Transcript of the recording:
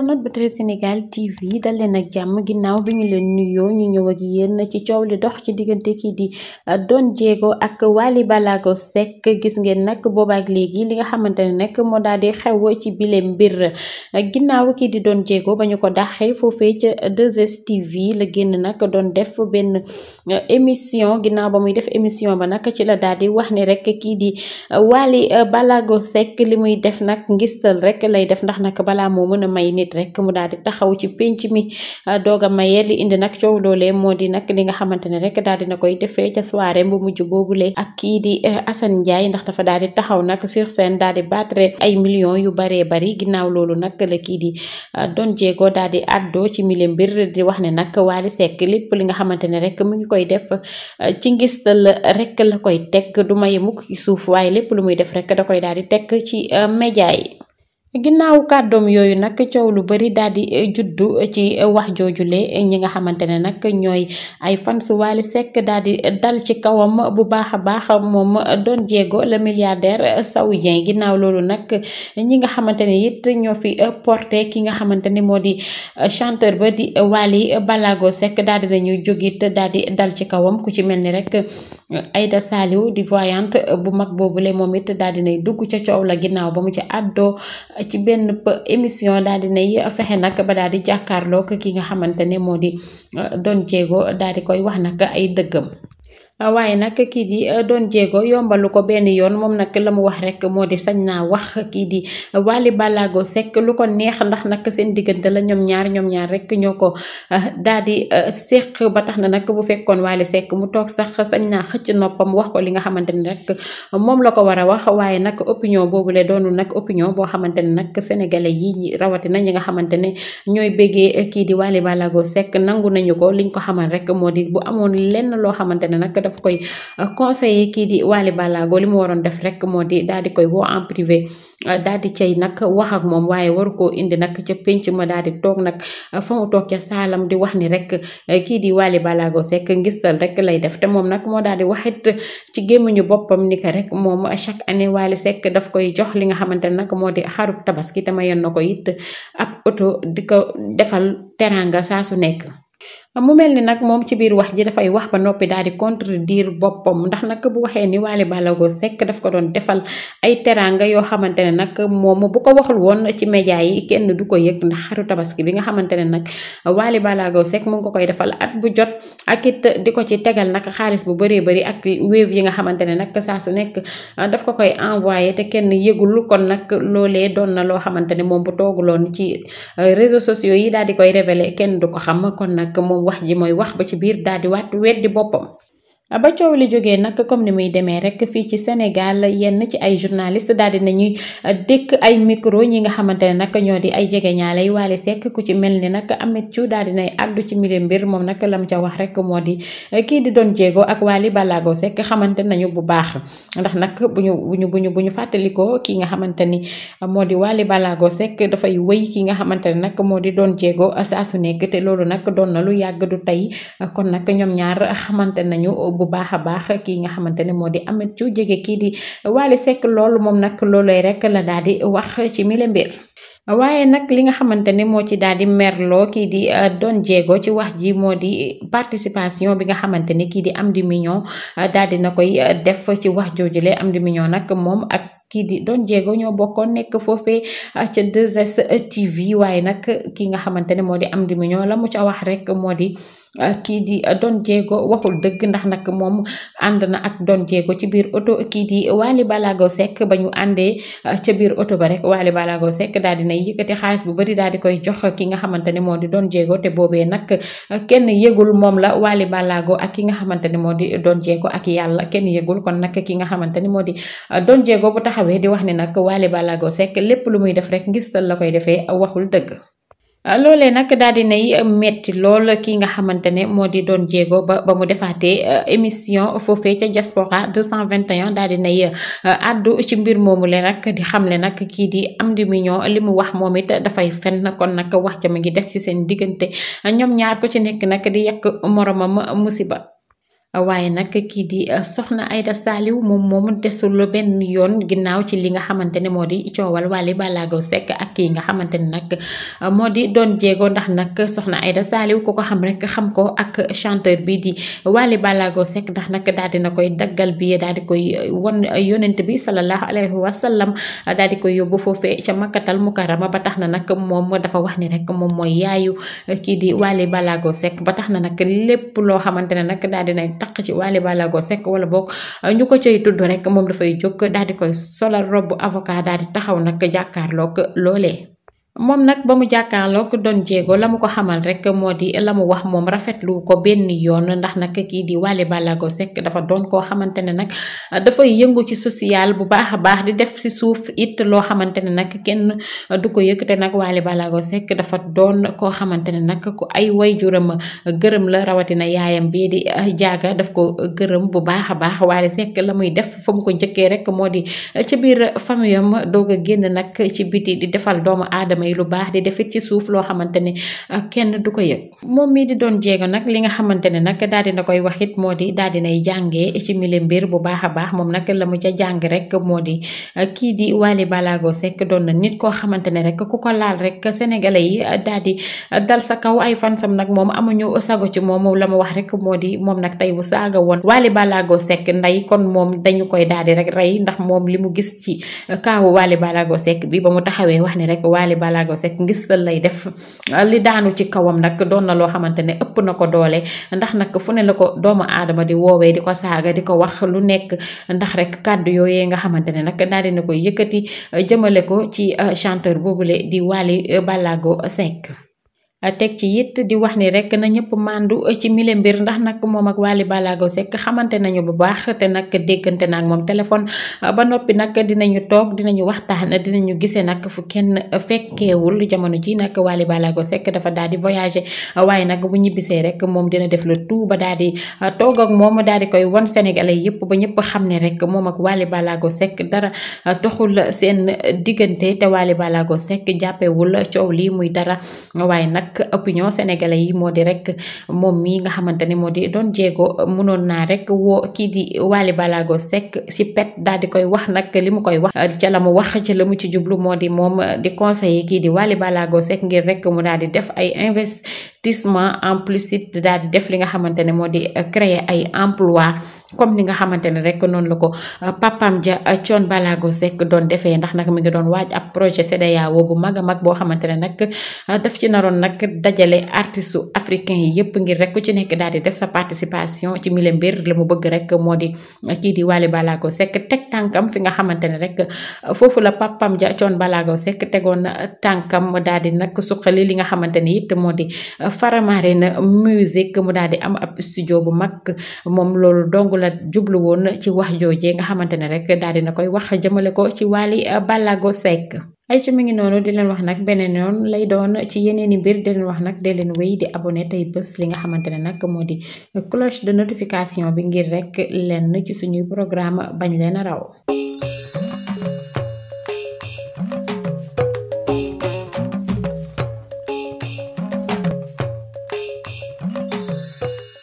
internet bu Télé Sénégal TV daleen ak jàmm ginnaaw bi ñu leen nuyoo ñu ñëw ak yéen ci coow li dox ci diggante kii di uh, doon Diego ak Wally Ballago Seck gis ngeen nag boobaak léegi li nga xamante ne nag moo daal di xew ci bile mbir ginnaaw kii di doon Diego ba ñu ko daxee foofee ca 2STV la génn nag doon def benn uh, émission ginnaaw ba muy def émission ba nak ci la daal di wax ni rek kii di uh, Wally Ballago Seck li muy def nag ngistal rek lay def ndax nag balaa moo mën a may it rek mu daal di taxaw ci penc mi ah, doog a maye li indi nag coow loolee moo di nag li nga xamante ne rek daal dina koy defee ca soirée bu mujj boobule ak kii di eh, Assane Ndiaye ndax dafa daal di taxaw nak sur scène daal di battre ay millions yu baree bari ginnaaw loolu nag la kii di ah, Don daal di àddoo ci mille mbir di wax ne nag Wally Seck lépp li nga xamante ne rek mu ngi koy def ah, ci ngistal rek la koy teg du maye mukk ci suuf waaye lépp lu muy def rek da koy daal di teg ci média yi ginnaaw kàddoom yooyu nag coow lu bari daal di eh, juddu ci eh, wax joojule eh, ñi nga xamante ne nag ñooy ay fans Wally sekk daal di dal ci kawam bu baax a baax moom Don Diego le milliardaire saoudien ginnaaw loolu nag ñi nga xamante ne it ñoo fi porte ki nga xamante ni moo di chanteur ba di Wally Balago Seck daal di nañu jógit daal di dal ci kawam ku ci mel ni rek Aïda Saliou di voyante bu mag boobu boobule moom it daal di nay dugg ca coow la ginnaaw ba mu ci àddoo ci benn émission daal di nay fexe nag ba daal di jàkkaarloo ki nga xamante ne moo di euh, Don Diego daal di koy wax nag ay dëggam. Ah, waaye nag kii di eh, Don Diego yombalu ko benn yoon moom nag la mu wax rek moo di sañ naa wax kii di Wally Ballago Seck lu ko neex ndax nag seen diggante la ñoom ñaar ñoom ñaar rek ñoo ko eh, daal di eh, seq ba tax na nag bu fekkoon Wally Seck mu toog sax sañ naa xëcc noppam wax ko li nga xamante ni rek moom la ko war a wax waaye nag opinion boobu la doonul nag opinion boo xamante ne nag sénégalais yi rawatina ñi nga xamante ne ñooy béggee kii di Wally Ballago Seck nangu nañu ko liñ ko xamal rek moo di bu amoon lenn loo xamante ne dafa koy euh, conseiller kii di Waly Ballago li mu waroon def rek moo di daal di koy boo en privé euh, daal di cay nag wax ak moom waaye waru koo indi nag ca penc ma daal di toog nag euh, fa toog ca saalam di wax ni rek kii di Waly balaago sekk ngistal rek lay def te moom nag moo daal di waxit ci gémmiñu boppam ni ko rek moom chaque année Waly sekk daf koy jox li nga xamante ne nag moo di xarub tabaski tama mayoon na ko it ab oto di ko defal teraanga saa su nekk mu mel ni nag moom ci biir wax ji dafay wax ba noppi daal di contredire boppam ndax nag bu waxee ni Wally Ballago Seck daf ko doon defal ay teraanga yoo xamante ne nag moom bu ko waxul woon ci média yi kenn du ko yëg xaru tabaski bi nga xamante ne nag Wally Ballago Seck mu ngi ko koy defal at bu jot ak it di ko ci tegal nag xaalis bu bëree bëri ak wéew yi nga xamante ne nag saa su nekk daf ko koy envoyé te kenn yëgul kon nag loolee doon na loo xamante ne moom bu tooguloon ci réseaux sociaux yi daal di koy révélé kenn du ko xam kon nag wax ji mooy wax ba ci biir daal di waat di boppam ba coow li jógee nag comme ni muy demee rek fii ci Sénégal yenn ci ay journaliste daal di nañuy euh, dëkk ay micro ñi nga xamante ne nag ñoo di ay jegeñaale yi Wally Seck ku ci mel ni nag Ameth Thiou daal di nay àddu ci mili mbir moom nag lam ca wax rek moo di euh, kii di Don Diego ak Wally Ballago Seck xamante nañu bu baax ndax nag bu ñu bu ñu bu ñu bu ñu fàttalikoo kii nga xamante ni euh, moo di Wally Ballago Seck dafay wéy kii nga xamante ne nag moo di Don Diego saa su nekk te loolu nag doon na lu yàgg du tey kon nag ñoom ñaar xamante bu baax a baax kii nga xamante ne moo di Ameth Thiou jege kii di Wally Seck loolu moom nag loolay rek la daal di wax ci mile mbir waaye nag li nga xamante ne moo ci daal di merloo kii di euh, Don Diego ci wax ji moo di participation bi nga xamante ni kii di Amdy Mignon euh, daal di na koy euh, def ci wax joojule Amdy Mignon nag moom ak kii di Don Diego ñoo bokkoon nekk foofee ca 2S waaye nag ki nga xamante ne moo di Amdy Mignon la mu ca wax rek moo di Ah, kii di ah, Don Diego waxul dëgg ndax nag moom ànd na ak Don Diego ci biir oto kii di Wally Ballago sekk ba ñu àndee ah, ca biir oto ba rek Wally sekk Seck di dina yëkkati xaalis bu bari daal di koy jox ki nga xamante ne moo di Don Diego te boobee nag kenn yëgul moom la Wally Ballago ak ki nga xamante ne moo di Don Diego ak yàlla kenn yëgul kon nag ki nga xamante ni moo di Don Diego bu taxawee di wax ne nag Wally Ballago sekk lépp lu muy def rek ngistal la koy defee waxul dëgg loolee nag daal di nay metti lool ki nga xamante ne moo di doon jéego ba ba mu defaatee euh, émission foofee ca cent 221 daal di nay addu euh, ci mbir moomu le nag di xamle nag kii di Amdy Mignon li mu wax moom it dafay fen na kon nag wax ca mu ngi des ci seen diggante ñoom ñaar ku ci nekk nag di yàq moromam musiba. waaye nag kii di eh, soxna Aida Saliou moom moom desul benn yoon ginnaaw ci li nga xamante ne moo di coowal Wally Ballago sekk ak kii nga xamante ne nag eh, moo di Don Diego ndax nag soxna Aida Saliou ku ko xam rek xam ko ak chanteur bi di Wally Ballago Seck ndax nag daal dina koy daggal bi daal di koy eh, won yonent bi sallallahu alayhi wa sallam di koy yóbbu foofee ca makkatal mukarama ba tax na nag moom dafa wax ni rek moom mooy yaayu kii di Wally Ballago sekk ba tax na nag lépp loo xamante ne nag daal dina taq ci Wally Ballago sekk wala boog ñu ko cay tudd rek moom dafay jóg daal di koy solal robb avocat daal di taxaw nag jàkkaarloog loolee moom nag ba mu ko doon Diego la mu ko xamal rek moo di la mu wax moom rafetlu ko benn yoon ndax nag kii di Wally Ballago sekk dafa doon koo xamante ne nag dafay yëngu ci social bu baax a baax di def si suuf it loo xamante ne nag kenn du ko yëg nag Wally Ballago Seck dafa doon koo xamante ne nag ku ay waajuram gërëm la rawatina yaayam bii di jaaga daf ko gërëm bu baax a baax Wally sekk la muy def fa mu ko njëkkee rek moo di ca biir famille am doog a génn nag ci biti di defal doomu aadama muy lu baax di defit ci suuf loo xamante ah, kenn du ko yëg moom mii di doon jéego nag li nga xamante ne nag daal dina koy wax it moo di daal dinay jàngee ci mile mbir bu baax a baax moom nag la mu ca jàng rek moo di ah, kii di Wally Ballago Seck doon na nit koo xamante ne rek ku ko laal rek sénégalais yi ah, daal di dal sa kaw ay fansam nag moom amuñu sago ci moom la mu wax rek moo di moom nag tey bu saaga woon Wally Ballago sekk nday kon moom dañu koy daal di rek rey ndax moom li mu gis ci kaawu Wally Ballago Seck bi ba mu taxawee wax ni rek Balago Seck ngistal lay def li daanu ci kawam nag doon na loo xamante ne ëpp na ko doole ndax nag fu ne la ko doomu aadama di woowee di ko saaga di ko wax lu nekk ndax rek kàddu yooyee nga xamante ne nag daal dina koy yëkkati jëmale ko ci euh, chanteur boobule di Wally euh, Balago Seck teg ci it di wax nii rek na ñëpp màndu ci mile mbir ndax nag moom ak Wally Ballago Seck xamante nañu bu baax te nag déggante na moom téléphone ba noppi nag dinañu toog dinañu waxtaan dinañu gisee nag fu kenn fekkeewul jamono ji nag Wally Ballago Seck dafa daal di voyager waaye nag bu ñibbisee rek moom dina def le tout ba daal di toog ak moom daal di koy won yëpp ba ñëpp xam ne rek moom ak Wally Ballago Seck dara toxul seen diggante te Wally Ballago Seck jàppewul coow lii muy dara waaye nag ak opinion sénégalais yi moo di rek moom mii nga xamante ne moo di doon Diego mënoon naa rek woo kii di waali Balago Seck si pet daal di koy wax nag li mu koy wax ca la mu wax ca la mu ci jublu moo di moom di conseiller kii di Waly Balago Seck ngir rek mu daal di def ay investissement en plus it daal di def li nga xamante ne moo di créer ay emploi comme ni nga xamante ne rek noonu la ko euh, papam ja euh, Thione balaago Seck doon defee ndax nag mi ngi doon waaj ab projet CEDEAO bu mag mag boo xamante ne nag euh, daf ci naroon nag nag dajale artistes su africains yi yëpp ngir rek ku ci nekk daal di def sa participation ci mille mbir la mu bëgg rek moo di kii di Wally Ballago sekk teg tànkam fi nga xamante ne rek foofu la papam ja coon balaago sekk tegoon tànkam daal di nag suqali li nga xamante ne it moo di Faramareen musique mu daal di am ab studio bu mag moom loolu dong la jublu woon ci wax joojee nga xamante ne rek daal di na koy wax jëmale ko ci Wally Ballago Seck ay ci mi ngi noonu di leen wax nag beneen yoon lay doon ci yeneen i mbir di leen wax nag de leen wéy di abone tey bés li nga xamante ne nag moo di cloche de notification bi ngir rek lenn ci suñuy programme bañ leen a raw